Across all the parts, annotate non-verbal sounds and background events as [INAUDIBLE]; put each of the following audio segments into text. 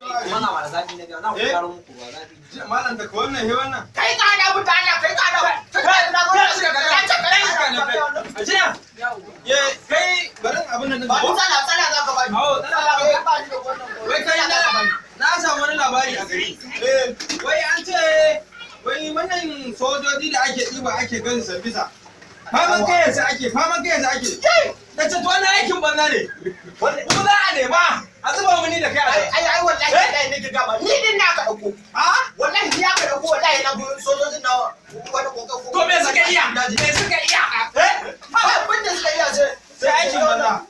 Wannan ba da zafi na na eh? muku ba da ko wannan he Kai kai kai ka na samu wani a gari. Eh, wai an ce wannan sojoji Faman kai yanzu ake, faman kai yanzu ake. Na ce wannan aikin banza ne. bindiga ba ni din na ka dauko a wallahi ni ka dauko wallahi na gurin sojojin na wani kokan ko to me suka iya me suka iya eh ba abin da suka iya ce sai aikin banza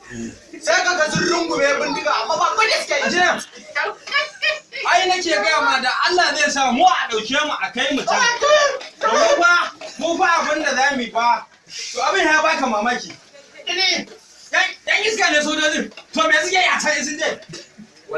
sai ka ga sun rungume bindiga amma ba abin da suka iya je ai nake gaya ma da Allah zai sa mu a dauke mu a kai mu can mu ba mu ba abin da za mu ba to abin ya baka mamaki dan iska ne sojojin to me suke yi a can sun je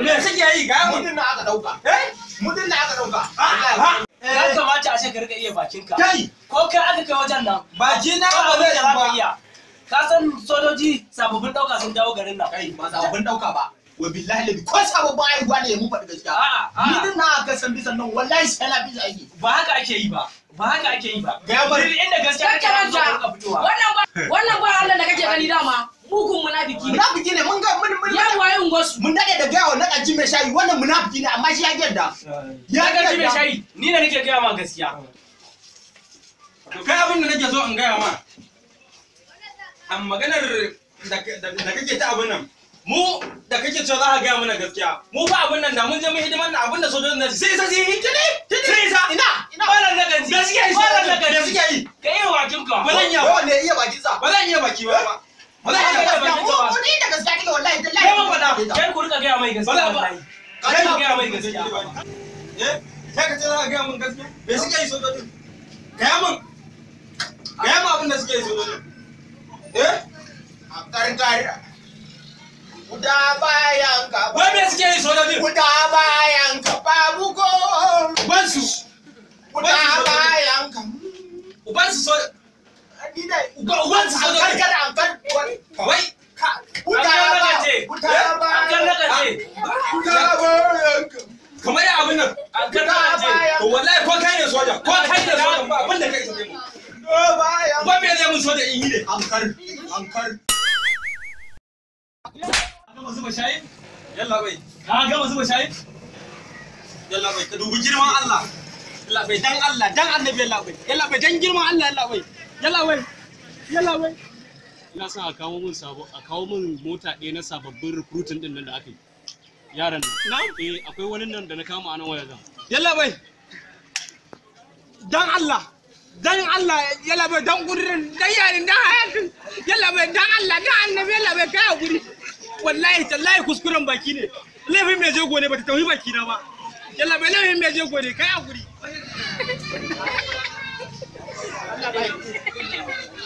me suke yi ga mudin na aka dauka eh mudin na aka dauka ya eh. kamata a ce ka rika iya bakinka kai ko kai aka kai wajen nan baki na ba zai da ba ka san sojoji sababbin dauka sun dawo garin nan kai ba sababbin dauka ba wa billahi labi ko sababbin aiwa ne mun faɗi gaskiya a'a mudin na aka san bisan nan wallahi sai na bisa aiki ba haka ake yi ba ba haka ake yi ba ga bari inda gaskiya kake ranta wannan ba wannan ba Allah da kake gani dama mugun munafiki munafiki ne mun ga mun mun yawa yin wasu mun dade gaya wa nakaji mai shayi wannan munafiki ne amma shi ya gyarda ya nakaji mai shayi ni ne nake gaya ma gaskiya to kai abin da nake so in gaya ma a maganar da kake ta abin nan mu da kake cewa za ka gaya mana gaskiya mu ba abin nan da mun je mun hidimar na abin da sojojin nan sai sai yi tuni tuni sai ina ina wannan da ganzi gaskiya shi wannan ba ganzi gaskiya yi ka iya bakin ka ba zan iya ba ne iya bakin sa ba zan iya baki ba ba zan iya baki ba mu ni da gaskiya kike wallahi tallahi kai mun fada gaya mai gaskiya wallahi kai ka gaya mai gaskiya eh sai ka ce gaya mun gaskiya yi gaya mun gaya mun abin da suke yi sojojin eh a karkara guda bayan ka wai me suke yi guda bayan ka babu ko ubansu guda bayan ka ubansu sojojin kamar ya abin nan an kada aje to wallahi ko kai ne soja ko kai ne soja ba abin da kai sai mu ba me ne mun soja in yi ne ankar ankar gama zuba shayin yalla bai ka gama zuba shayin yalla bai ka dubi girman Allah yalla bai dan Allah dan annabi yalla bai yalla bai dan girman Allah yalla bai yalla bai yalla bai ina son a kawo min sabo a kawo min mota ɗaya na sababbin recruiting din nan da aka yi yaran nan eh akwai wani nan da na kama a nan waya zan yalla bai dan Allah dan Allah yalla bai dan gurin dan yarin dan hayatin yalla bai dan Allah dan annabi yalla bai kai guri wallahi tallahi kuskuren baki ne laifin mai jego ne bata tauhi baki na ba yalla bai laifin mai jego ne kai a guri [LAUGHS] Allah bai